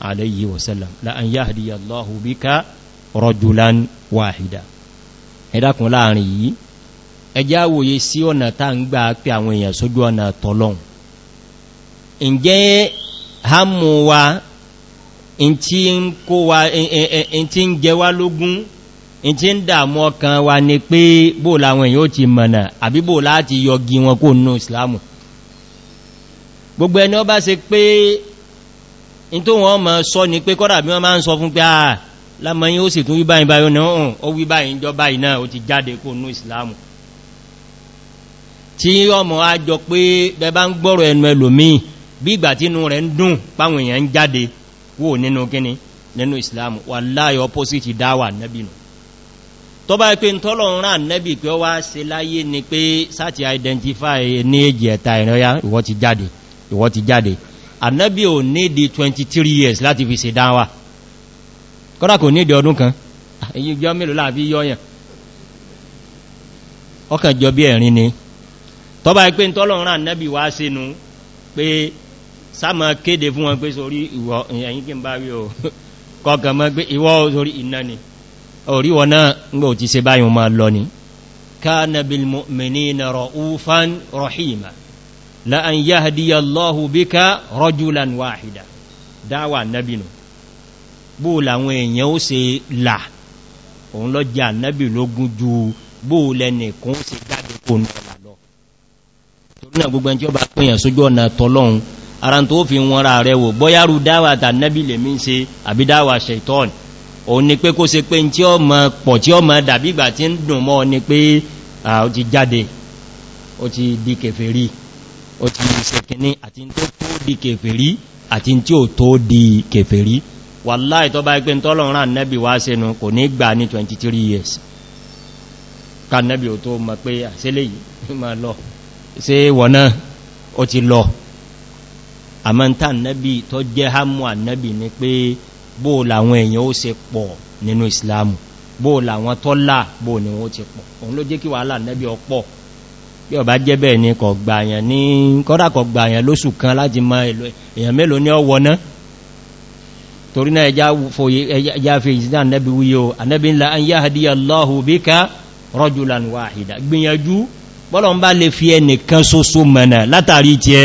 alayhi wa sallam la an yahdi Allahu bika rajulan wahida ẹ̀dàkùn láàrin yi. ẹjá wòye sí ọ̀nà tá ń gbà pé àwọn èèyàn sójú ọ̀nà tọ́lọ́un ǹjẹ́ hàmù wa ǹtí ń kó wa lógún ǹtí ń dààmú wa ni gbogbo ẹni ọba se in tó wọ́n mọ̀ sọ ni pé kọ́dà bí wọ́n máa ń sọ fún pé àà ah, lámọ́yí ó sì tún wíbáyí báyí náà hùn ó wíbáyí jọ báyí náà ó ti jáde kó nú ìsìlámù tí ọmọ á jọ pé bẹ bá ń gbọ́rọ̀ ẹnu ẹlòmíì bí ìgbà tínú rẹ̀ ń dùn páwọn èèyàn ń identify ní èjì ẹ̀ta ìrìnlọ́yá ìwọ́ ti jáde annabi o ní di 23 years lati fi ṣe dáwà kọ́dá kò ní di ọdún kan èyí jọ mélòó láàbí yọ́yàn ọkàn jọ bí ẹ̀rin ni tọba ipé tọ́lọ̀rán annabi wá sínú pé sáàmà kéde fún wọn pé sórí ìwọ̀ ẹ̀yìn kí n bá rí o kọkàn mọ́ iwo ìwọ́ sórí iná ni orí wọn náà ń gbò ti se báyìí wọn máa lọ ni ká nàbí mẹ́ni na rọ̀ ufan rahima la'an yahdiya Allahu bika rajulan wahida dáwà nabinu bó làwọn èèyàn ó ṣe là òun lọ jẹ́ ànábì lógún ju bó lẹ́nì kún ṣe jáde kò nọ́lá lọ torí náà gbogbo ẹni tí ó bá pèèyàn sójú ọ̀nà tọ́lọ́un ara tó fi wọn ra rẹ̀ wò bọ́yárù dáwà tànábì lè mí ṣe àbí dáwà ṣẹ̀tọ́n òun ni pé kó ṣe pé tí ó mọ pọ̀ tí ó mọ dàbí ìgbà tí ń dùn mọ́ ni pé ó ti jáde ó ti di kèfèrí ó ti ṣẹ̀kìní àti tó tó di kèfèrí àti tí ó tó di kèfèrí wàláì tó bá ẹgbẹ́ tọ́lọ̀rán annabi wá sínú kò ní gbà ní 23 years ká annabi ò tó mọ̀ pé àṣẹ́lẹ̀ yìí ma lọ ṣe wọ̀ná ó ti lọ àmọ́ntá annabi tó jẹ́ hamu annabi ni pé bóò làwọn èèyàn ó ṣe pọ̀ nínú islamu bóò làwọn tọ́lá bóò ni wọ́n ti pọ̀ òun ló jẹ́ kí wàhálà annabi ọpọ̀ bí ọba jẹ́ bẹ́ẹ̀ ni kọ̀ gbàyàn ní kọ́dà kọ̀ gbàyàn lóṣù kan láti ma èèyàn mélòó ní ọwọ́ náà torí náà ẹjá fi ìsìdá annabi wíyọ annabi ńlá an yá hadíyà allahu bí ká rọ́júlan wáhìdá gbìyànjú bọ́lọ̀ ń bá lè fi ẹnìkan sóso mẹ́nà látàrí tí ẹ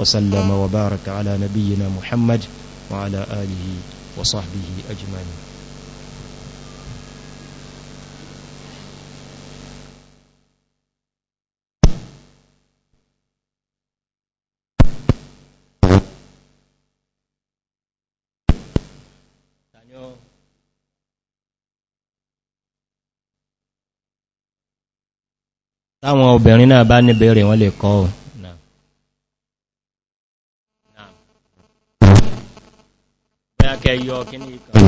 وسلم وبارك على نبينا محمد وعلى آله وصحبه أجمعين táwọn obìnrin náà bá níbẹ̀rẹ̀ wọ́n lè kọ́ ọ̀ kẹyọ kíní ìkan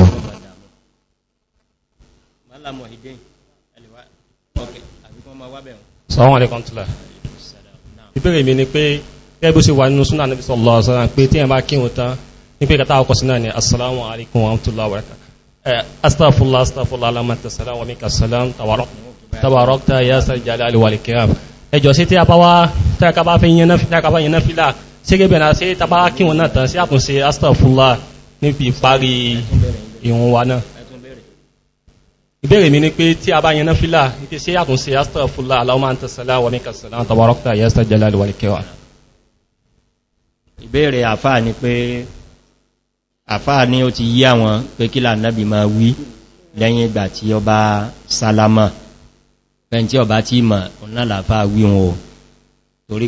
ìbéèrè mi ni pé gẹ́gbó sí wà nínú súnà níbi sọ̀lọ́ ọ̀sán pé tí ẹ bá kí òtán ní pé kàtà ọkọ̀ sínà ni assalamu alaikum wa rahmatullahi wa barakatuh astaghfirullah astaghfirullah alamata salam wa mika salam tabarokta ya sal jalali wal kiram ẹjọ́ sí tí a bá wá tẹ́ka bá fi yẹn náfìlà sí gẹ́gẹ́ bẹ̀rẹ̀ sí tabá kí wọn náà tán sí àkùnṣe astaghfirullah níbi ìparí ìrùn wa náà ìbéèrè mi ni pé tí a bá yẹn náà fílà ní pé ṣe yàtún sí astaghfirullah allahumma anta salam wa minka salam tabarakta ya sta jalali wal ikram ìbéèrè àfáà ni pé àfáà ní ó ti yí àwọn pé kí lànàbì máa wí lẹ́yìn ìgbà tí ó bá salama pẹ̀ntí ọba tí mọ̀ ọ̀nà làfáà wí wọn o torí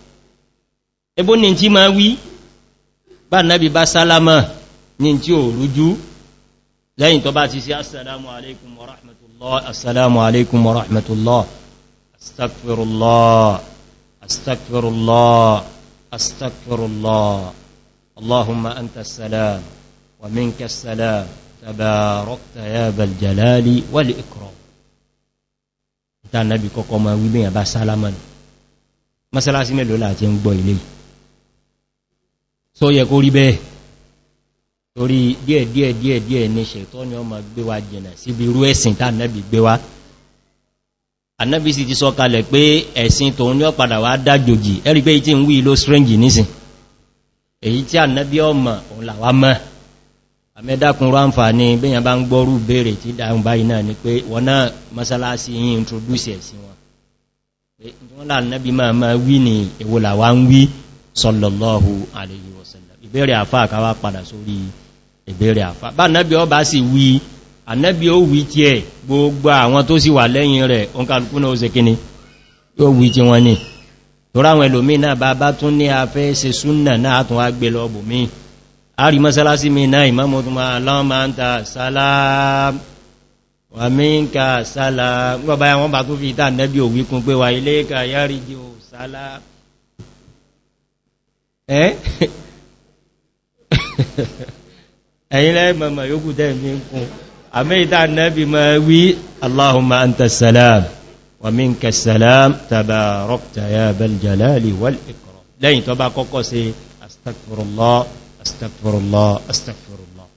ebó ní tí ma wí bá nábi bá sálámà ní tí ò rújú lẹ́yìn tó bá ti sí assalamu alaikum wa rahmatullah assalamu alaikum wa rahmatullah astagfirullah astagfirullah astagfirullah allahumma anta salam wa minka salam tabarakta ya bal jalali wal ikram ta nabi kokoma wi be yan ba salama masalasi melo la ti n gbo ile yìí tó yẹ kó rí bẹ́ẹ̀ torí díẹ̀ díẹ̀ díẹ̀ díẹ̀ ní ṣètọ́ ni ọmọ gbé wa jìnà síbi irú ẹ̀sìn tá nẹ́bì gbé wa anẹ́bì sì ti sọ kalẹ̀ pé ẹ̀sìn tòun ní ọ̀padà wá dájòjì ẹ̀rí pé tí ń wí ló strange nísìn èyí tí anẹ́bì ọmọ òun làwá mọ́ àmẹ́dàkùnrú àǹfààní bẹ́yàn bá ń gbọ́rú béèrè tí dáhùn báyìí náà ni pé wọ́n náà mọ́sálásí yìí introduce ẹ̀sìn wọn wọ́n là nẹ́bì máa máa wí ni èwo làwá ń wí sọlọ̀lọ́hu àlèyìwọ̀sẹ̀lẹ̀ ìbẹ̀rẹ̀ àfá àkáwà padà sórí ìbẹ̀rẹ̀ àfá bá nẹ́bí ọba sì wí ànẹ́bí ó wí tí ẹ gbogbo àwọn tó sì wà lẹ́yìn rẹ̀ oǹkàlùkúnà ó se kíni yóò wí tí wọ́n ní toráwọn ẹlòmí náà bá bá tún ní afẹ́ se súnà náà tún wá gbé lọ bùmí àrí mọ́sálásí mi náà ìmọ́mọ́ tún máa láwọn máa ń ta sálám wà mí ń ka sálám gbọ́bá wọn bá tún fi ìta nẹ́bí òwíkún pé wà ilé ka yáríjì ò ẹ̀yìn lẹ́mọ̀mọ̀ yóò kù tẹ́ẹ̀mí kún àmìta nẹ́bí ma wí aláhùnmá an ta salam wà mí n kẹ salam tàbà rọ́pta ya bel jalali wal ikọ̀rọ̀ lẹ́yìn tó bá kọ́kọ́ sí astagfirullah astagfirullah astagfirullah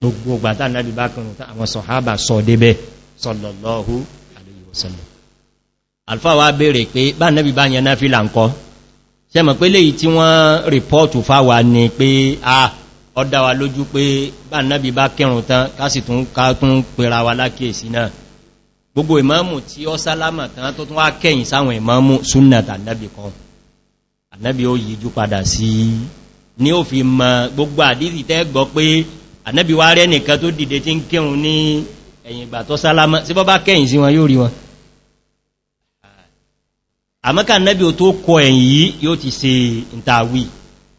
gbogbo gbàtà nẹ́bí bá kìrùn tà àwọn sọ̀hábà sọ débẹ̀ sọ̀lọ̀lọ́hu alìyíwọ̀sọ̀lọ̀ ṣe mọ̀ pé léyìí tí wọ́n rìpọ́ọ̀tù fáwà ní pé a ọdá wa lójú pé bá nábi bá kẹrùn tán kásì tún ká tún pèrà wa lákèèsí náà gbogbo ìmọ́mù tí ó sálámà tán tó tún wá kẹ́yìn sáwọn ìmọ́mù súnnàtà nábi kan ànábi ó yíjú padà sí ní ó fi mọ gbogbo àdídì tẹ́ àmọ́ká nẹ́bí ò tó kọ ẹ̀yìn yìí yóò ti se ìntàwí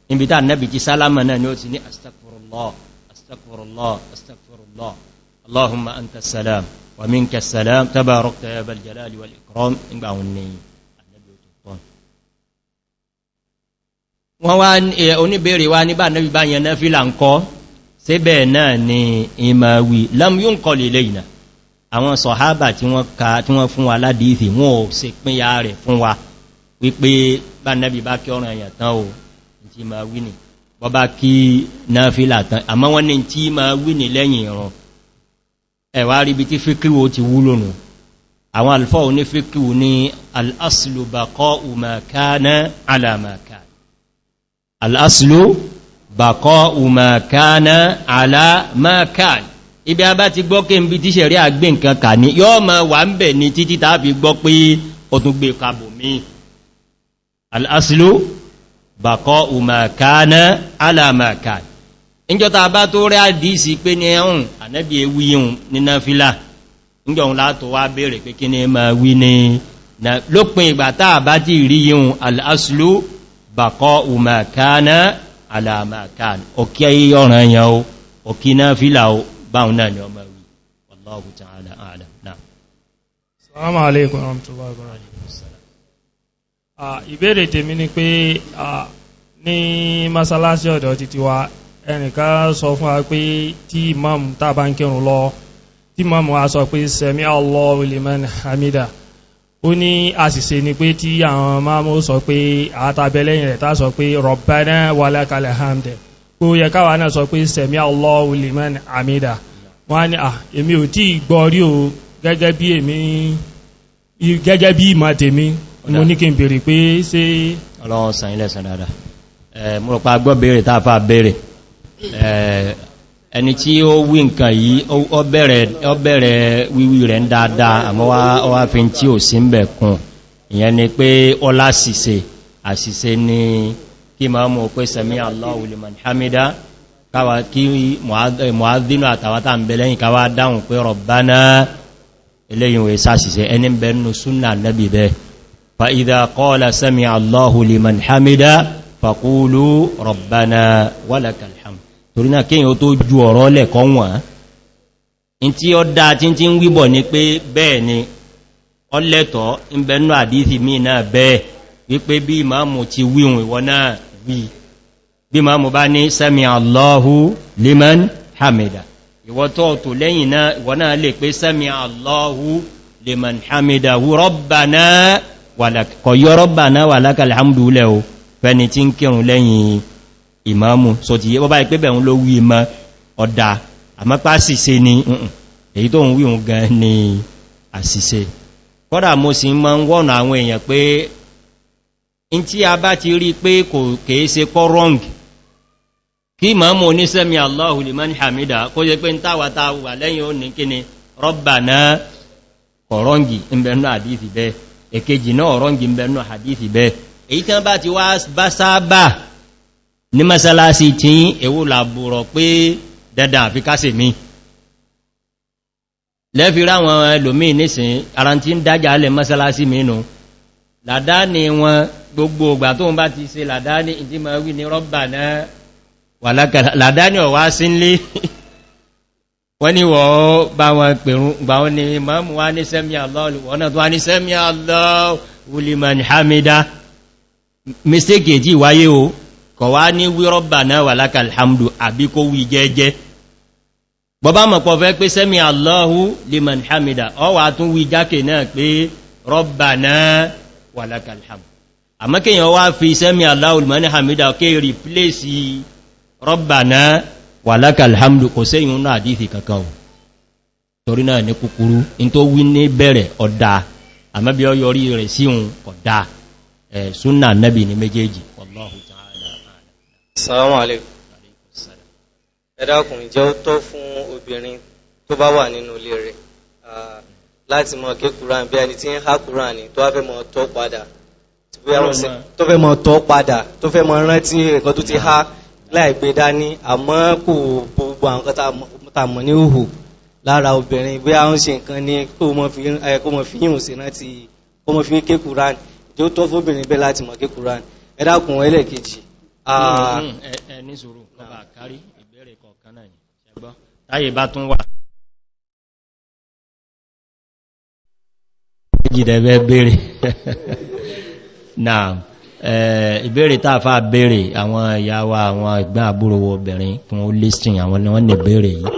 níbi tá nẹ́bí ti sálámà náà ni ó ti ní astagfirullah astagfirullah astagfirullah allahumma an ta salam wa min ka salam tabarokta ya bal jalali wal ikram nígbà wọn ni annabi àwọn sọ̀hábà tí wọ́n ka tí wọ́n fún wa ládìífì wọ́n ò se pínyà rẹ̀ fún wa wípé bá nẹ́bí bá kí ọ̀rọ̀ èyàn tán o tí ma wíni bọ́ bá kí náà fi látán àmọ́ wọ́n ní tí ma wíni lẹ́yìn ìran ẹ̀wà ríbi tí fíkíwò ti wúlò nù àwọn alfọ́ ní ibi a bá ti gbọ́ kí n bí tíṣẹ̀ rí àgbé nǹkan kà ní yọ́ ma wà ń bẹ̀ ní títí tàbí gbọ́ pé o tún gbé kàbò mí al'asìlú bàkọ́ umarkana alamaka ìjọta bá tó rí àdísì pé ní ẹ̀hùn ànẹ́bí e ewì ihun nínà fílà ìjọun látò wá bèèrè pé kí ní ma wí ní lópin ìgbà táà bá ti rí ihun al'asìlú bàkọ́ umarkana alamaka òkè ọ̀ràn yẹn òkè náà fílà báhùn náà ni ọmọ ìwé wallahu ta'ala a'lam náà salamu alaikum warahmatullahi wabarakatuh ìbéèrè tèmi ni pé ní masalasi ọ̀dọ̀ títí wa ẹnìkan sọ fún wa pé tí imam tàbá ó ní àṣìṣe ni pé tí àwọn máa mú sọ pé àtàbẹ̀lẹ́yìn rẹ̀ tá sọ pé rabbana walakal hamd kó yẹ káwà náà sọ pé sẹ̀mí allahu liman amida wọ́n ni à ah, èmi ò tí rí o gẹ́gẹ́ bí ìmọ̀ tèmi mo ní kí n bèèrè pé ṣe ọlọ́wọ́ ilẹ̀ sàn dáadáa gbọ́ bèèrè tààfà bèèrè ẹni tí ó wí nǹkan yìí ó bẹ̀rẹ̀ wíwí rẹ̀ ń dáadáa àmọ́ wá fi tí ò sí ń bẹ̀ ni pé ọlá ṣìṣe àṣìṣe ni kí máa mú pé sẹ̀mí Allahu liman hamida káwà kí eh, mu'adhdhinu àtàwátà ń bẹ̀lẹ́yìn káwà dáhùn pé Rabbana eléyìn wẹ̀ sáṣìṣẹ́ ẹni bẹ̀rún súnnà nẹ́bì bẹ́ fa idha qala sami Allahu liman hamida faqulu Rabbana walakal wípé bí ìmáàmù ti wíhun ìwọ náà wí bí ma mọ̀ bá ní sẹ́mi allahu liman hamida ìwọ́tọ́ tó lẹ́yìn náà ìwọ́ náà lè pé sẹ́mi allahu liman hamida rọ́bàná kọ̀yọ́ rọ́bàná wà lákàlẹ̀ hamdulẹ̀ o fẹni tí ń kírùn lẹ́yìn ìmáàmù so ti yẹ bọ́bá ìpébẹ̀ ń ló wí ma ọ̀dá síse ni èyí tó ń wí òun gan ni àṣìṣe kọ́dà mo sì ma ń wọ́nà àwọn èèyàn pé in tí a bá ti rí pé kò kèé se pọ́ wrong kí mọ́mù onísẹ́mi allahu liman hamida kó yẹ pé ń táwàtà wà lẹ́yìn ó ní kíni rọ́bà náà kọ̀rọ́ngì ìbẹ̀nú àdífì bẹ́ èkejì náà ọ̀rọ́ngì ìbẹ̀nú àdífì bẹ́ èyí tán bá ti wá bá ní masalasi tí èwò làbúrọ̀ pé dada àfi kásẹ̀ mi lẹ́fi ráwọn ẹlòmí nísìn ara tí ń dájà alẹ́ masalasi mìínú làdá ni wọn gbogbo ògbà tó ń bá ti se làdáni ìdí ma wí ní rọ́bà náà wà làdáni ọ̀wá sí nlé wọ́n ni wọ́n bá wọn pèrún gbà wọn ni mọ́mù wá ní sẹ́mí aláwọ̀ kọ̀wá ní wírọ́bà wà láka alhamdu rọ́bà náà wà láka àmọ́kèyàn wá fi sẹ́mì aláhùlmọ́ní hamida kí rí pléṣì rọ́bàná wà lákà alhamdu kò sẹ́yìn náà àdífì kankan torí náà ní kúkúrú in tó wí ní bẹ̀rẹ̀ ọ̀dá àmọ́bí ọ yọrí rẹ̀ sí un ọ̀dá súnà nẹ́bì ní méjèèjì láti mọ̀ kí kùrán bí ẹni tí ń há kùrán tó wá fẹ́ mọ̀ tó padà tó fẹ́ mọ tọ́ padà tó fẹ́ mọ rántí nǹkan tó ti há láì gbé dání àmọ́ kò gbogbo àwọn kan tá mọ̀ ní òhò lára obìnrin bí àwọn ṣe nǹkan ni kó mọ fi yíhùn sí rántí kó mọ fi ké Quran tí ó tọ́ fóbìnrin bẹ́ẹ̀ láti mọ̀ ké Quran ẹ dákun ẹlẹ́ẹ̀kejì. Mm-hmm. ẹ ní sùúrù lọ́ba àkárí ìbéèrè kọ̀ọ̀kan náà ni ṣẹgbọ́n táyé bá tún wà. náà ìbéèrè tàà fà béèrè àwọn ìyàwó àwọn ìgbà àbúrówó obìnrin fún ó listing àwọn ni wọ́n ní béèrè yìí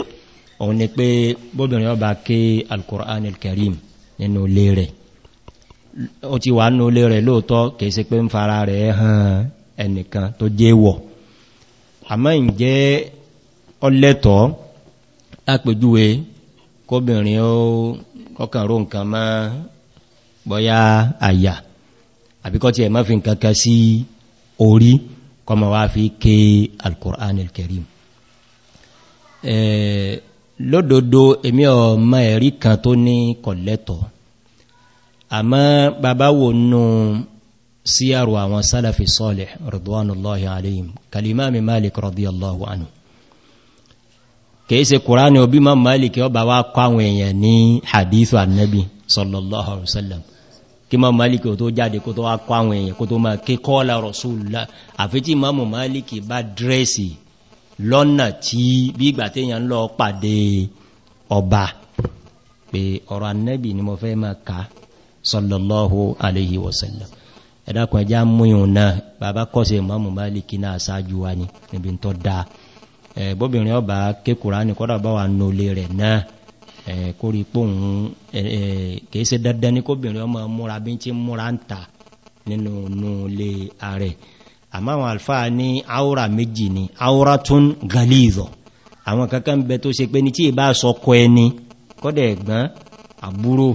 òun ni pé bóbìnrin ọba ké alkùnrin alkarim nínú ilé rẹ̀ ó ti wà nínú ilé rẹ̀ lóòtọ́ kìí sí pé ń fara rẹ̀ hàn ẹnìkan tó jẹ́ wọ̀ àmọ́ ìjẹ́ ọlẹ́tọ̀ lápẹjúwe bọ́yá àyà àbíkọ́ ti ẹ̀mọ́ fi ń kankan sí orí kọmọ wá fi ké alkùrán alkarim lódòdó èmí ọmọ ẹ̀rí kan tó ní kọ̀lẹ́tọ̀ àmọ́ bàbá wo nù sí àrò àwọn sálàfi sọ́lẹ̀ rọ̀dọ́wọ́nàlọ́hì aléyìn malik rọ̀díyàlọ́hù anù kìí se kùránì malik ọba wá kọ àwọn èèyàn ní sallallahu alaihi kí ma maliki o tó jáde kó tó wá kọ àwọn èèyàn kó tó ma kí kọ́ọ̀lá rọ̀súlá àfi tí imamu maliki bá dírẹ́sì lọ́nà tí bí ìgbà téèyàn lọ pàdé ọba pé ọ̀rọ̀ annabi ni mo fẹ́ ma ká sallallahu alaihi wasallam ẹ̀dàkùn ẹjá múyùn náà bàbá kọ́sẹ̀ maliki náà sáájú wa ni níbi tó dáa bóbìnrin ọba kékùrá ní kó rí pòun kìí ṣe dandan ní kóbìnrin ọmọ múra bí tí múra ń ta nínú ilé ààrẹ àmọ́ àwọn alfáà ní aura méjì ni aura tún galizo àwọn kankan ń bẹ tó ṣe pé ní tí ìbá sọkọ ẹni kọ́dẹ̀ ẹ̀gbọ́n àbúrò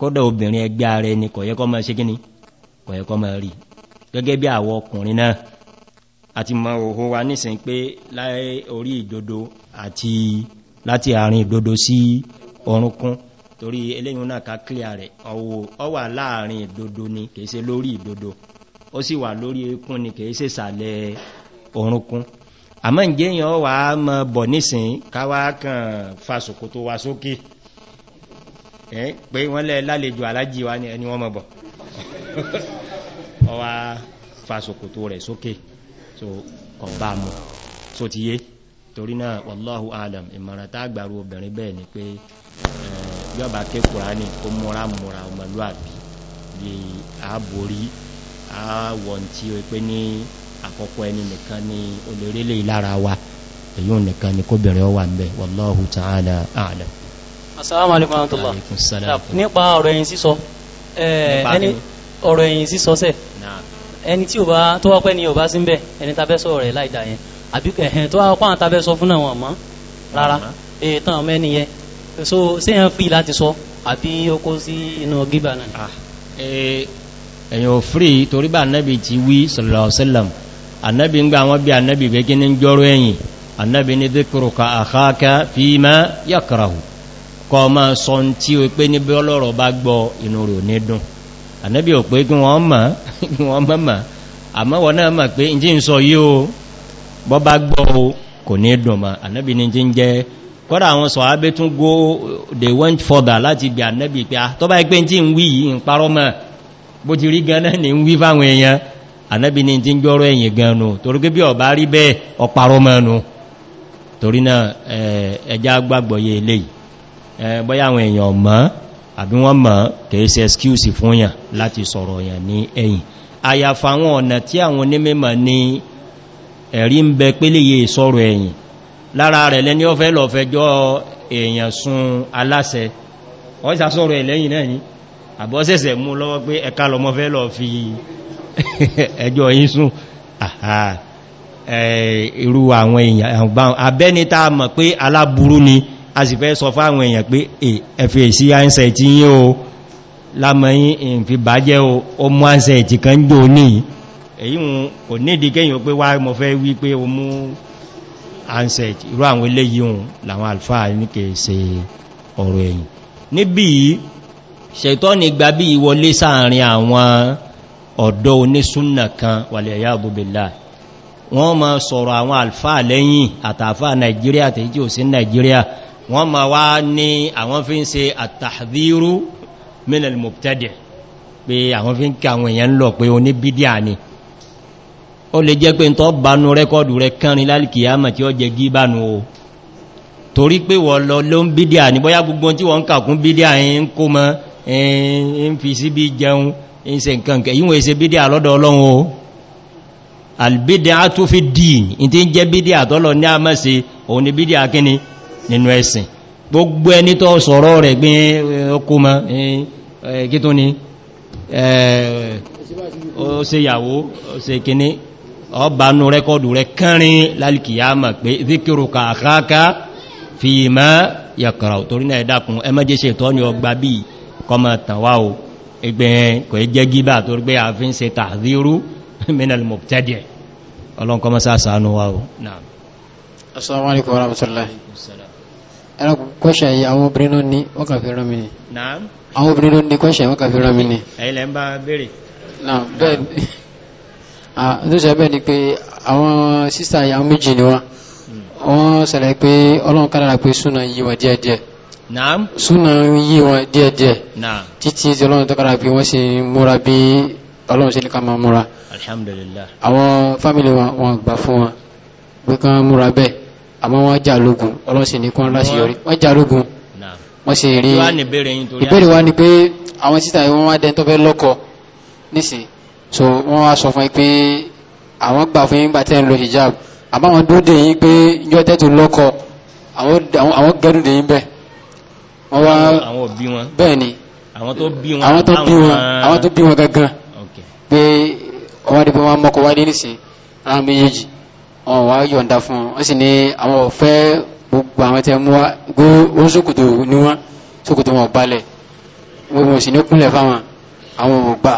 kọ́dẹ̀ obìnrin ẹgbẹ́ ààrẹ ni kọ̀yẹ́kọ́ máa ṣe kíní kọ̀yẹ́kọ́ máa rí gẹ́gẹ́ bí àwọn ọkùnrin náà àti mọ̀ òhun wa láti àárín ìdodo sí ọrùnkún torí eléyìn náà ká kílíà rẹ̀ ọ wà láàrin ìdodo ni kìí ṣe lórí ìdodo ó sì wà lórí ikún ni kìí ṣe sàlẹ̀ ọrùnkún àmọ́ ìjẹyàn wà á mọ́ bọ̀ nísìn káwá kan fasòkò tó wá sókè pé wọ́n lẹ́ lálejò alájí wa ni ẹni wọ́n mọ́ bọ̀ ọwá fasòkò tó rẹ̀ sókè so kọ̀ bá mọ̀ so ti yé torí náà wallahu alam ìmọ̀ràn tá gbàrú obìnrin bẹ́ẹ̀ ni pé eh, yọba ké kùránì kó múra múra ọmọlúàbí bí ààbòrí àwọ̀n tí ó pé ní àkọ́kọ́ ẹni nìkan ni olórílẹ̀ ìlara wa èyí nìkan ni kóbìnrin ó wà ń bẹ̀ wallahu ta'ala alam assalamu alaikum warahmatullahi nípa ọ̀rọ̀ ẹ̀yìn sísọ eh, ọ̀rọ̀ àbí ẹ̀hẹ̀n tó wá kọ́ àwọn tàbẹ́ sọ fún náà wọn rárá ètàn ọmọ ẹni yẹn so séèyàn free láti sọ àbí ó kó sí inú gíbà náà. Ah, ẹ̀yàn ò free torí bá anábì ti wí sallallahu alaihi wasallam anábì ń gba àwọn bí anábì pé kí ní jọ́rọ̀ ẹ̀yìn anábì ní dhikruka akhaka fima yakrahu kọ́ máa sọ tí ó pé níbi àmọ́ wọn náà mọ̀ pé ìjí ń sọ yí bọ́ bá gbọ́ kò ní dùnmà ànábì ní jí ń jẹ́ kọ́dà àwọn sọ abé tún go they went further láti gbẹ̀ ànábì pé ah, tó bá ipé tí ń wí yìí ń parọ́ mọ́ bó ti rí gan náà ní ń wí fáwọn èèyàn ànábì ní jí ń gbọ́rọ̀ ẹ̀yìn gan nù torí pé bí ọ̀bá rí bẹ́ẹ̀ ọparọ́ mọ́ nù torí náà ẹjá gbàgbọ́ yé bọ́yá àwọn èèyàn mọ́ àbí wọ́n mọ̀ kìí ṣe excuse fún yàn láti sọ̀rọ̀ yàn ní ẹ̀yìn àyàfà àwọn ọ̀nà tí àwọn onímọ̀ ní ẹ̀rí ń bẹ pé léye ìsọ́rọ̀ ẹ̀yìn lára rẹ̀ lẹ́ni ọ́fẹ́ lọ fẹjọ́ èèyàn sun aláṣẹ ọ́sà sọ́rọ̀ ẹ̀lẹ́yìn náà ní àbọ́sẹ̀sẹ̀ mú lọ́wọ́ pé ẹka lọmọ fẹ́ lọ fi ẹjọ́ yí sún irú àwọn èèyàn abẹ́ni tá mọ̀ pé aláburú ni a sì fẹ́ sọ fáwọn èèyàn pé ẹ̀fẹ́ sí áńsẹ̀ tí yí o lámọ́yìn ìfibàjẹ́ o mú áńsẹ̀ ìtìkan jò níyìí èyí ò nídi kẹ́yìn pé wá mọ̀ fẹ́ wí pé o mú ansẹ̀t irú àwọn eléyìí hùn làwọn alfa ní kèé se ọ̀rọ̀ ẹ̀yìn níbi ṣètọ́ ni gba bí ìwọlé sáàrin àwọn ọ̀dọ́ onísúnnà kan wàlẹ̀ ẹ̀yà àbúbìlá wọ́n ma sọ̀rọ̀ àwọn alfa lẹ́yìn àtàfà nàìjíríà tèyí ò sí nàìjíríà wọ́n ma wá ní àwọn fi ń se àtàdírú mínal pé àwọn fi ń kí àwọn èèyàn lọ pé oníbídíà ni ó lè jẹ́ pé tó bánú rẹ́kọ́dù rẹ kánrin lálìkìyàmà tí ó jẹ gí bánu o torí pé wọ́n lọ ló ń bídíà ní bóyá gbogbo tí wọ́n ń kàkún bídíà ń kó mọ́ ń fi sí bí jẹun ń se nǹkan kẹ yíwọ̀n èsẹ bídíà lọ́dọ̀ ọlọ́run o albídíà tó in ti ń jẹ́ bídíà tọ́lọ ní ó se yàwó ó se kíní ọba nú rẹ́kọ́dù rẹ kánrin lálìkìyàmà pé zíkìrùkà àkáká fi ma yàkàrà torí náà ẹ̀dàkùn ẹmẹ́jẹ́ ṣe tọ́ ní ọgbà bí kọmọ tàwà o ẹgbẹ̀ẹ́ kò jẹ́ gíbà torí pé àfin se tàzírú minal mubtadi' ọlọ́nkọmọ sáàsánú wa o náà assalamu alaikum warahmatullahi ẹran kọ́ṣẹ̀ yìí àwọn obìnrin ló ní wọ́n kà fi rán mi ní àwọn obìnrin ló ní kọ́ṣẹ̀ wọ́n kà fi rán mi ní ẹ̀yìn lẹ́ bèèrè náà bẹ́ẹ̀ Ah, ló ṣe bẹ́ẹ̀ ni pé àwọn sísá ìyá méjì ni wọ́n wọ́n ṣẹlẹ̀ pé ọlọ́run kádàrà pé súnà yí wọn díẹ̀díẹ̀ súnà yí wọn díẹ̀díẹ̀ títí tí ọlọ́run tó kádàrà pé wọ́n ṣe múra bí ọlọ́run ṣe ní ká máa múra alhamdulillah àwọn fámìlì wọn gbà fún wọn pé kán múra bẹ́ẹ̀ àmọ́ wọ́n jà lógun ọlọ́run sì ní kán láti yọrí wọ́n jà lógun wọ́n sì rí ìbéèrè wa ni pé àwọn sísá yìí wọ́n wá dẹ́n tó fẹ́ lọ́kọ nísìnyí so wọ́n wá sọ fún yín pé àwọn gbà fún yín gbà tẹ́ ń lo hijab àmọ́ àwọn dúró dè yín pé yọ tẹ́tù lọ́kọ àwọn gẹ́dùn dè yín bẹ́ẹ̀ wọ́n wá bẹ́ẹ̀ ni àwọn tó bí wọn gangan pé wọ́n wá dé pé wọ́n mọ́kọ wá dé nísìn ara méjèèjì wọn wá yọ̀ǹda fún wọn wọ́n sì ní àwọn ọ̀fẹ́ gbogbo àwọn tẹ́ mú wá gbé wọ́n ṣòkòtò ní wọn ṣòkòtò wọn balẹ̀ wọ́n sì ní kúnlẹ̀ fáwọn àwọn ò gbà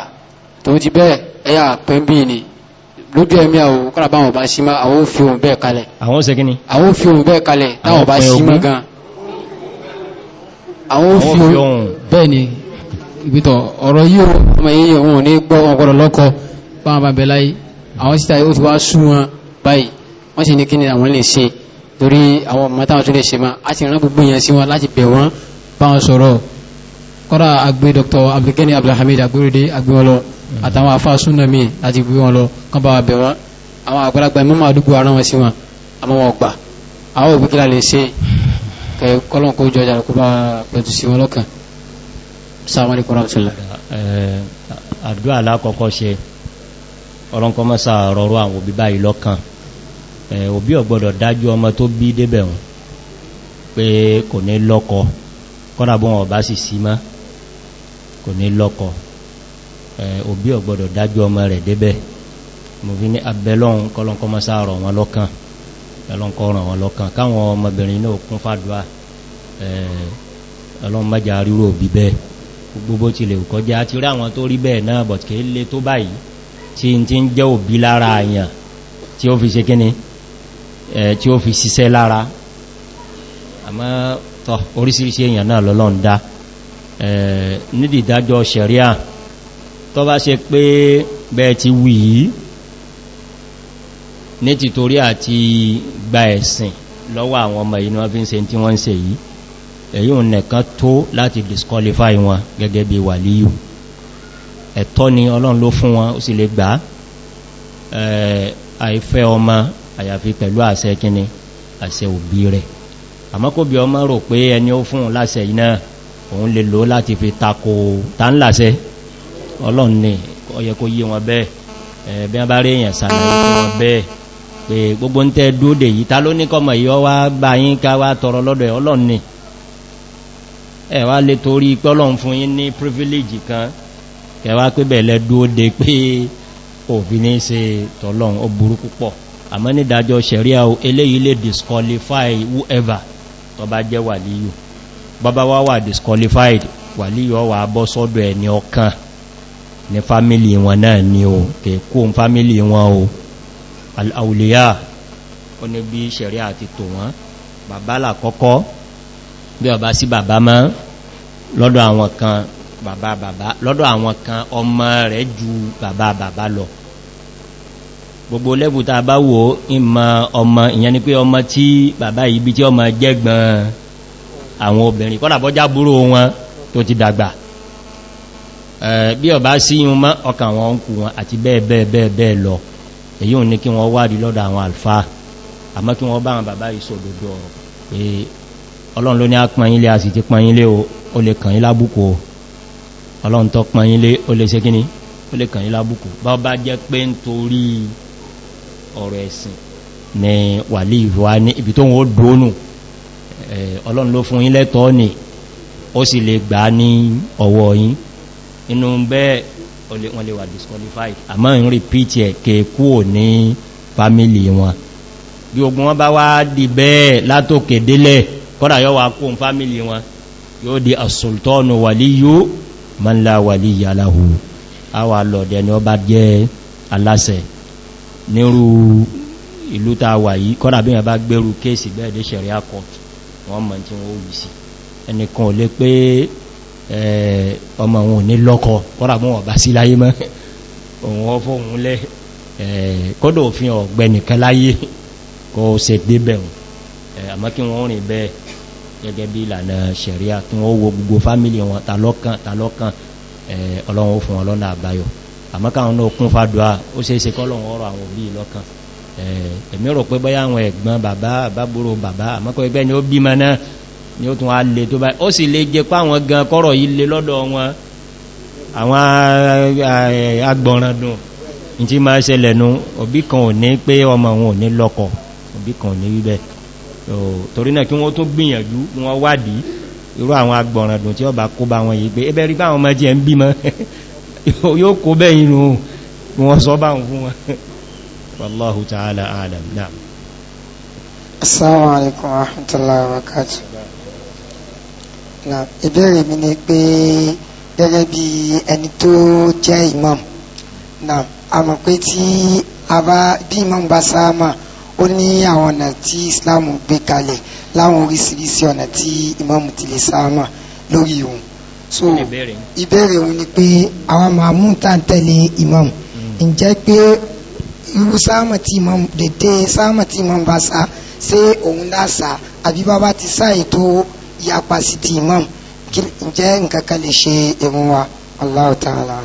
tòun ti bẹ́ẹ̀ ẹ̀yà pẹ́ńbì ni lójú ẹ̀mí àwọn kọ́ra báwọn bá sí máa àwọn fi òun bẹ́ẹ̀ kalẹ̀. àwọn ṣe kíni. àwọn fi òun bẹ́ẹ̀ kalẹ̀ táwọn bá sí gan. àwọn fi òun bẹ́ẹ̀ ni ìbítọ̀ ọ̀rọ̀ yìí o ọmọ yìí òun ò ní gbọ́ wọn gbọ́dọ̀ lọ́kọ báwọn bá bẹ̀ láyé àwọn síta ó ti wá sú wọn báyìí wọ́n sì ní kíni àwọn lè ṣe torí àwọn ọmọ táwọn tún lè ṣe máa á sì rán gbogbo yẹn sí wọn láti bẹ̀ wọ́n báwọn sọ̀rọ̀ kọ́ra àgbẹ̀ Dr. Abdulkani Abdulhamid agbóredé agbẹ́wọlọ́wọ́ àtàwọn afá súnà mi àti gbé wọn lọ kán bá wa bẹ̀ wọ́n àwọn àgbàlagbà mọ́mọ́ àdúgbò ara wọn sí wọn àmọ́ wọn gbà àwọn òbí kí la lè ṣe kẹ kọ́lọ́n kó jọjà kó bá pẹ̀tù sí wọn lọ́kàn sáwọn ikọ̀ ráwọ̀ sílẹ̀. àdúrà alákọ̀ọ́kọ́ ṣe ọlọ́nkọ́ mọ́sà rọrọ àwọn Eh, òbí ọ̀gbọ́dọ̀ dájú ọmọ rẹ̀ débẹ̀ mo fi ní abẹ́lọ́un kọ́lọ́nkọ́ mọ́ sáàrọ̀ wọn lọ́kàn ẹlọ́nkọ́ ràn wọn lọ́kàn káwọn ọmọbìnrin náà kún fàdúwà eh, ọlọ́mọjá ríro òbí bẹ́ẹ̀ gbogbo ti lè kọjá ti rí àwọn tó rí bẹ́ẹ̀ náà bọ̀t kí lè tó báyìí tí n ti ń jẹ́ òbí lára àyàn tí ó fi ṣe kíni eh, tí ó fi ṣiṣẹ́ lára àmọ́ tọ́ ń dá nídìí tó bá ṣe pé bẹ́ẹ̀ ti wì yí ní tìtorí àti gba ẹ̀sìn lọ́wọ́ àwọn ọmọ inú ọbí ń ṣe tí wọ́n ń ṣe yìí èyí ò nẹ̀kan tó láti disqualify wọn gẹ́gẹ́ bí wàlíyù ẹ̀tọ́ ni ọlọ́run ló fún wọn ó sì lè gbà àìfẹ́ ọmọ àyàfi pẹ̀lú àṣẹ kíni àṣẹ òbí rẹ̀ àmọ́ kó bí ọmọ rò pé ẹni ó fún un láṣẹ iná òun lè lò láti fi tako ta ọlọ́run ní ọyẹ kó yí wọn bẹ́ẹ̀ bí wọ́n bá rí èyàn sàlàyé fún wọn bẹ́ẹ̀ pé gbogbo ń tẹ́ dóde yìí ta ló ní kọmọ̀ yìí ọwá bá yín ká wá tọrọ lọ́dọ̀ ọlọ́run ní ẹ wá lè torí pé ọlọ́run fún privilege kan kẹwa pé bẹ̀lẹ̀ dóde pé òfin ní ṣe tọ́lọ́run ó burú púpọ̀ àmọ́ disqualify whoever tó bá jẹ́ wàlíyù bàbá wá wà disqualified sọ́dọ̀ ẹni ọkàn ní fámílì wọn náà ni o kèkó fámílì wọn o al'auliya ó ní bí ṣẹ̀rí àti tò wọn bàbá làkọ́kọ́ bí ọba sí bàbá mọ́ lọ́dọ̀ àwọn kan bàbá bàbá lọ́dọ̀ àwọn kan ọmọ rẹ̀ ju bàbá bàbá lọ gbogbo lẹ́bù ta bá wo ìmọ̀ ọmọ ìyẹn ni pé ọmọ tí bàbá ibi tí ọmọ jẹ́gbọ́n àwọn obìnrin kọ́dàbọ́já búrò wọn tó ti dàgbà bí ọ̀bá sí yún mọ́ ọkà wọn ń kù wọn àti bẹ́ẹ̀bẹ́ẹ̀bẹ́ẹ̀ lọ èyí ò ní kí wọ́n wádìí lọ́dọ̀ àwọn alfa àmọ́ kí wọ́n bá wọn bàbá ìṣòdòdó ọ̀rọ̀ pé a sì ti pọ̀nyílé o lè kàn yí lábùkù ọlọ́run o lè o lè kàn yí lábùkù bá bá jẹ́ pé ń torí ọ̀rọ̀ ẹ̀sìn ni wàlí ìwà ní ibi tó ọwọ́ yín inú bẹ́ẹ̀ wọ́n lè wà disqualified àmọ́ ń repeat ẹ̀ kèèkú ò ní family wọn bí ogun wọn bá wá di bẹ́ẹ̀ látòkè délẹ̀ kọ́dà yọ́ wà kún family wọn yóò di asultanu waliyu man la waliya lahu a wà lọ̀dẹ̀ ni ó bá jẹ́ aláṣẹ nírú ìlú ta wà yìí kọ́dà bí wọ́n bá gbẹ́rù kéèsì bẹ́ẹ̀ Eh, ọmọ òun ní lọ́kọ kọ́rà mọ́ ọ̀bá sí láyé mọ́ òun ọfọ́ òun lẹ́ eh, kọ́dọ̀ òfin ọ̀gbẹ̀nìkan láyé kọ́ ṣe gbé bẹ̀rùn eh, àmọ́ kí wọ́n rìn bẹ́ẹ̀ gẹ́gẹ́ bí ìlànà ṣẹ̀ríà kí wọ́n wo gbogbo fámílì wọn tàlọ́kàn tàlọ́kàn ọlọ́run ó fún ọlọ́nà àbáyọ àmọ́ káwọn náà kún fàdùá ó ṣe é ṣe kọ́lọ̀wọ́n ọ̀rọ̀ àwọn òbí lọ́kàn èmi rò pé bọ́yá àwọn ẹ̀gbọ́n bàbá àbábúrò bàbá àmọ́kọ́ ẹgbẹ́ ni ó bímọ náà ni ó tún wá lè tó báyìí ó sì lè jẹ páwọn gan kọ́rọ̀ yìí lè lọ́dọ̀ wọn àwọn agbọ̀nrandùn tí máa ṣẹlẹ̀ nú òbí kan ò ní pé ọmọ wọn ò ní lọ́kọ òbí kan ò ní wíbẹ̀ torí náà kí wọ́n tó gbìyànjú wọ́n wádìí irú àwọn agbọ̀nrandùn tí ó kó bá wọn yìí pé ẹbẹ́ rí báwọn ọmọ jẹ́ na ìbéèrè mi ni pé gẹ́gẹ́ bí ẹni tó jẹ́ imam na a mọ̀ pé tí a bá bí imam bá sáàmà ó ní àwọn ọ̀nà tí islam gbé kalẹ̀ láwọn oríṣiríṣi ọ̀nà tí imam ti lè sáàmà lórí òun so ìbéèrè òun ni pé àwọn màmú tá ń imam hmm. ǹjẹ́ pé irú sáàmà tí imam dèdè sáàmà tí imam bá sá ṣé òun dá sá àbí bàbá ti sá ètò yapa sí ti imam ǹjẹ́ nǹkan kan lè ṣe irun wa Allahu ta'ala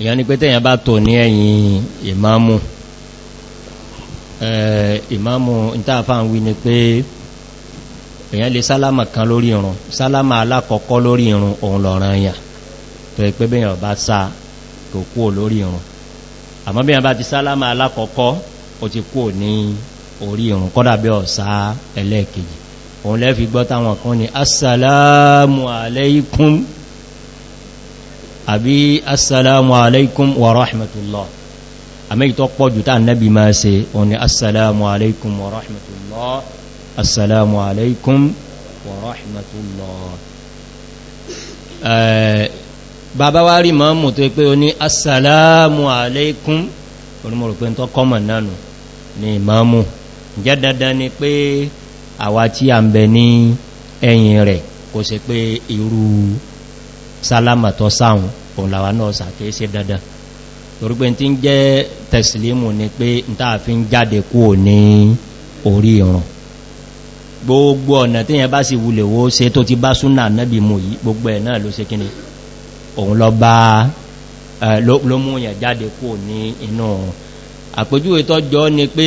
ìyàn ni pé tẹ́yàn bá tò ní ẹ̀yìn ìmáàmù ìmáàmù ìtàfà ń wí ni pé èyàn lè sálámà kan lórí irun sálámà alákọ̀ọ́kọ́ lórí irun òun lọ̀ràn yà tó ẹ pé bẹ́yàn bá sá kò kúò lórí irun àmọ́ bẹ́yàn bá ti sálámà alákọ̀ọ́kọ́ ó ti kúò ní orí ìrùn kọ́dà bí ọ̀sá ẹlẹ́ẹ̀kejì òun lẹ́fi gbọ́ táwọn kan ni assalamu alaikum àbí assalamu alaikum wa rahmatullah àmì tó pọ̀jù tá nẹ́bí máa ṣe òní assalamu alaikum wa rahmatullah assalamu alaikum wa rahmatullah bàbá wá rí mọ́mù tó pé oní assalamu alaikum onímọ̀rùn pé tó kọ́mọ̀ náà ní ìmáàmù jẹ́ dandan ni pé àwa tí a ń bẹ ní ẹ̀yìn rẹ̀ kò sí pé irú sálámà tọ́ sáhùn òun làwà náà sàkéé sí dandan torípé tí ń jẹ́ tẹ̀sìlímù ni pé ń tàà fi ń jáde kú ò ní orí ìrùn gbogbo ọ̀nà tí yẹn bá sì wulè wó ṣe tó ti bá súnà náàbì mú yìí gbogbo ẹ̀ náà ló ṣe kíni òun lọ bá ló mú yẹn jáde kú ò ní inú àpèjúwe tọ́jọ́ ni pé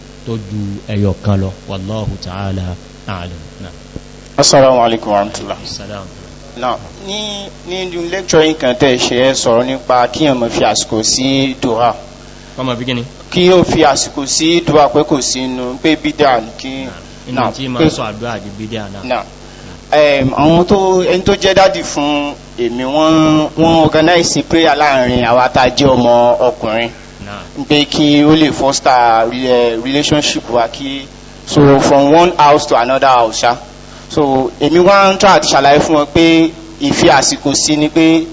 tó ju ẹyọ kan lọ wallahu ta'ala a'lam náà assalamu alaikum warahmatullahi assalam náà ní ní dùn lecture yìí kan tẹ́ ṣe ẹ́ sọ̀rọ̀ nípa kí ọmọ fi àsìkò sí dùhà ọmọ bí gíní kí o fi àsìkò sí dùhà pé kò sí inú pé bídà kí náà tí ma sọ àdúrà di bídà náà àwọn tó ẹni tó jẹ́ dádì fún èmi wọ́n organize prayer láàrin àwa tá jẹ́ ọmọ ọkùnrin pé kí ó lè foster eh, relationship wa kí so from one house to another house ṣá so èmi wá ń tọ́ àti ṣàlàyé fún wọn pé ìfi àsìkò sí ni pé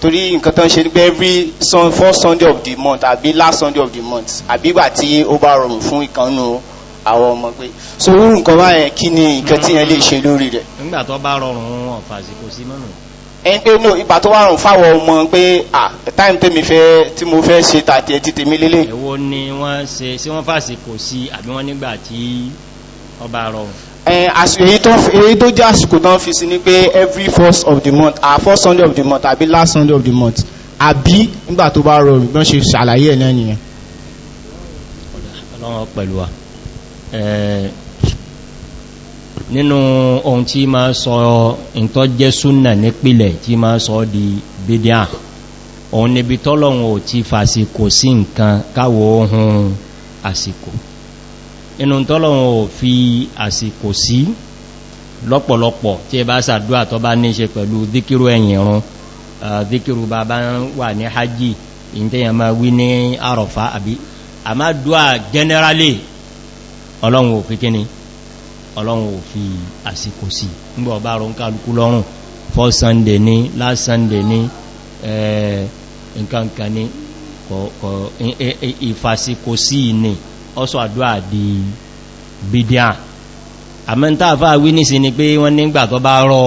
torí nǹkan tó ń ṣe ni pé every sun first sunday of the month àbí last sunday of the month àbí ìgbà tí ó bá rọrùn fún ìkànnù àwọn ọmọ pé so irú nǹkan báyẹn kí ni nǹkan tí yẹn lè ṣe lórí rẹ̀. nígbà tó bá rọrùn ọ̀fà àsìkò sí mọ́nà ẹn pé no ìgbà tó wà rùn fáwọn ọmọ pé à táìm tèmi fẹ́ tí mo fẹ́ ṣe tàti ẹ̀tí tèmi lélẹ̀ èwo ni wọ́n ṣe sí wọ́n fàsìkò sí àbí wọ́n nígbà tí ọba rọrùn ẹn èyí tó jẹ́ àsìkò tán fi sí ni pé every first of the month our first sunday of the month àbí last sunday of the month àbí nígbà tó bá rọrùn gbọ́n ṣe ṣàlàyé ẹ̀ náà nìyẹn ọlọ́run pẹ̀lú wa nínú ohun tí ma sọ ìntọ́ jẹ́ súnnà nípìlẹ̀ tí ma sọ di bídíà òun níbi tọ́lọ̀wọ̀n ò ti fàsìkò sí nǹkan káwọ ohun àsìkò inú tọ́lọ̀wọ̀n ò fi àsìkò sí lọ́pọ̀lọpọ̀ tí ẹ bá sàdúà tọ́ bá ní ṣe pẹ̀lú díkírù ẹ̀yìn run bàbá wà ní hajji ìntẹ́yàn máa wí ní àrọ̀fá àbí àmá dúà generally ọlọ́run ò fi kíni ọlọ́run ò fi àsìkò sí nígbà ọba rọ ń kálukú lọ́rùn fọ́ sunday ní last sunday ní eh, nǹkankan ní ìfàsìkò sí ní ọ́sọ̀ àdúrà di bidia àmẹ́ntàfà wí nìsí ni pé wọ́n nígbà tó bá rọ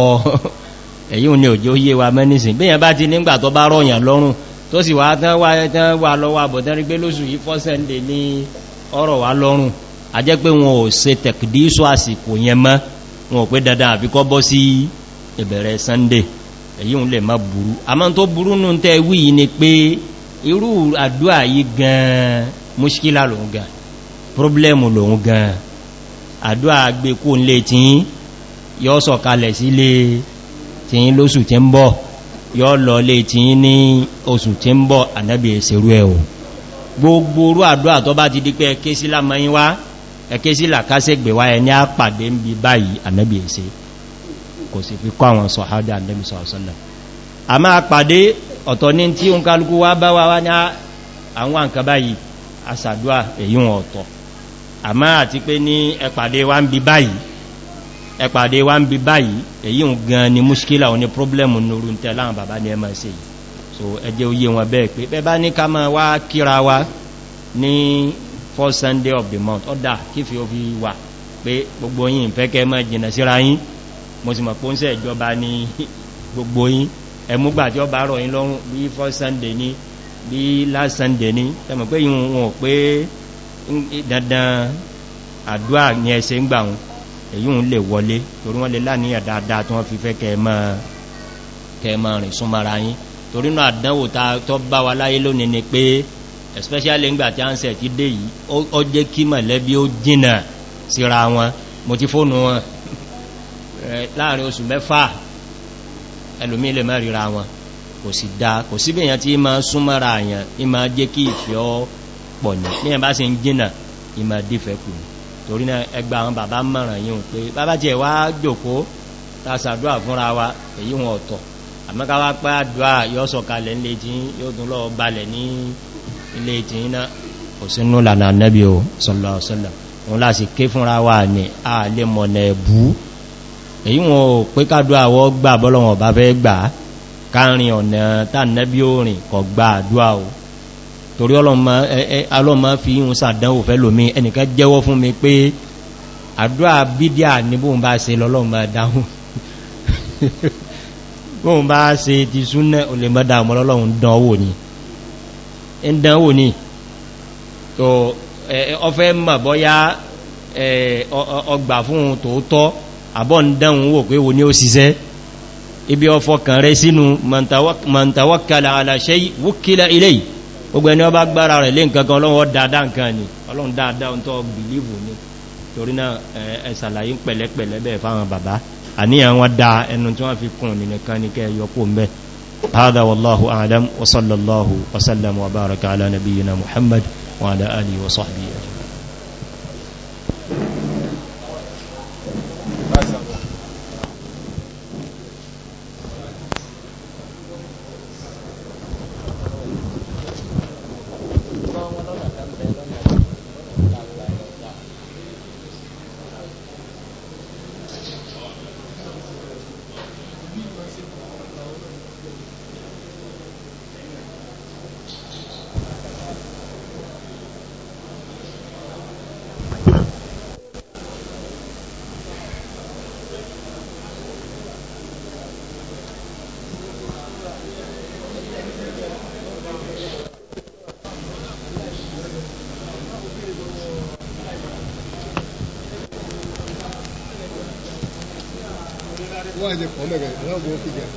èyí ò ní òjò yé wa mẹ́nìsìn bí yẹn bá ti nígbà tó bá rọ yàn lọ́rùn tó sì wá tán wá lọ́wọ́ àbọ̀tán rí pé lóṣù yí fọ́sẹ̀ ń dè ní ọ̀rọ̀ wá lọ́rùn a jẹ́ pé wọn ò ṣe tẹ̀kìdísù àsìkò yẹn mọ́ wọn ò pé dandan àfikọ́ bọ́ sí ìbẹ̀rẹ̀ sunday èyí ń lè má burú àmọ́ tó burú nù tẹ́ wí ni pé irú àdúà yìí gan mushkila lòun gan problemu lòun gan àdúà gbé kó ń lè tí yọ́ sọ̀kalẹ̀ sílé tí lóṣù tí ń bọ̀ yọ́ lọ lè tí ní oṣù tí ń bọ̀ gbogbo orú àdúà tó bá ti dípẹ́ ké sí lámọ́yín ẹ̀kẹ́ sí làkásẹ̀ gbèwà ẹni a pàdé ń bí báyìí ànẹ́bì èsẹ́ kò sì fi kọ́ àwọn sọ̀hádà ànẹ́bì sọ̀ọ̀sọ́lẹ̀ a máa pàdé ọ̀tọ̀ ní tí ó ń kálukú wá bá wá ní àwọn nǹkan báyìí asàdúà èyí wọn ọ̀tọ̀ àmá àti pé ní ẹpàdé wá ni múṣkílà so ẹjẹ́ oyé wọn bẹ́ẹ̀ pé bẹ́ẹ̀ bá first sunday of the month ọ́dá kí fi ó fi wà pé gbogbo yín fẹ́kẹ́ mọ́ jìnà síra yín mo sì mọ̀ pó ń sẹ́ ìjọba ní gbogbo yín ẹmúgbà tí ó bá rọ̀ yín lọ́rùn bí first sunday ní bí last sunday ní tẹ́mọ̀ pé yíò wọn pé dandan àdúà ní ẹsẹ̀ ń gbà wọn èyí ń lè wọlé torí wọ́n lè láníyàn dáadáa tí wọ́n fi fẹ́ kẹ́ẹ̀mọ́ rìn súnmọ́ra yín torí náà àdánwò tó bá wa láyé lónìí ni pé especially ngbà tí a ń sẹ̀ ti dé yìí ó jẹ́ kí mọ̀lẹ́bí ó jìnà síra wọn mo ti fóònù wọn láàrin oṣù mẹ́fà ẹlòmí lè má ríra wọn kò sì dá kò sí bèèyàn tí ma súnmọ́ra àyàn ìmá jẹ́ kí ìfẹ́ ọ pọ̀ ní ní ẹ̀bá sí ń jìnà ìmá dífẹ́ kù torí náà ẹgbà àwọn bàbá mọ̀ràn yíò pé bàbá tí ẹ wá jòkó tàṣàdúà fúnra wa èyí wọn ọ̀tọ̀ àmọ́ká wá pẹ́ àdúà yọ́ sọ̀kalẹ̀ ń lè jí yóò tún lọ balẹ̀ ní ilé ìtì iná kò sínú lànà nẹ́bí o sallallahu alaihi wasallam wọn láti ké fúnra wà ní ààlẹ́ mọ̀nà ẹ̀bú èyí wọn ò pé kádùá àwọ́ gbà bọ́lọ̀wọ̀n bá fẹ́ gbà kárin ọ̀nà tánẹ́bí orin kọ̀ gbà àdúà o torí ọlọ́mọ fi ń sàdánwò fẹ́ lómi ẹnìkan jẹ́wọ́ ń dánwò ní tó ọfẹ́ mọ̀ bọ́yá ọgbà fún tòótọ́ àbọ́ ń dánwò wò pé wo ní ó ṣiṣẹ́ ibi ọfọ́ kan rẹ sínú mọ̀ntàwọ́kàlà aláṣẹ́ wúkílá ilé gbogbo ẹni ọba gbára rẹ̀ lé nǹkankan ọlọ́run dáadáa nǹkan ni ọlọ́run dáadáa ni torí náà ẹ̀sàlàyé pẹ̀lẹ́pẹ̀lẹ́ هذا والله أعلم وصلى الله وسلم وبارك على نبينا محمد وعلى آله وصحبه أجمعين 我还在国外呢，我还没回来。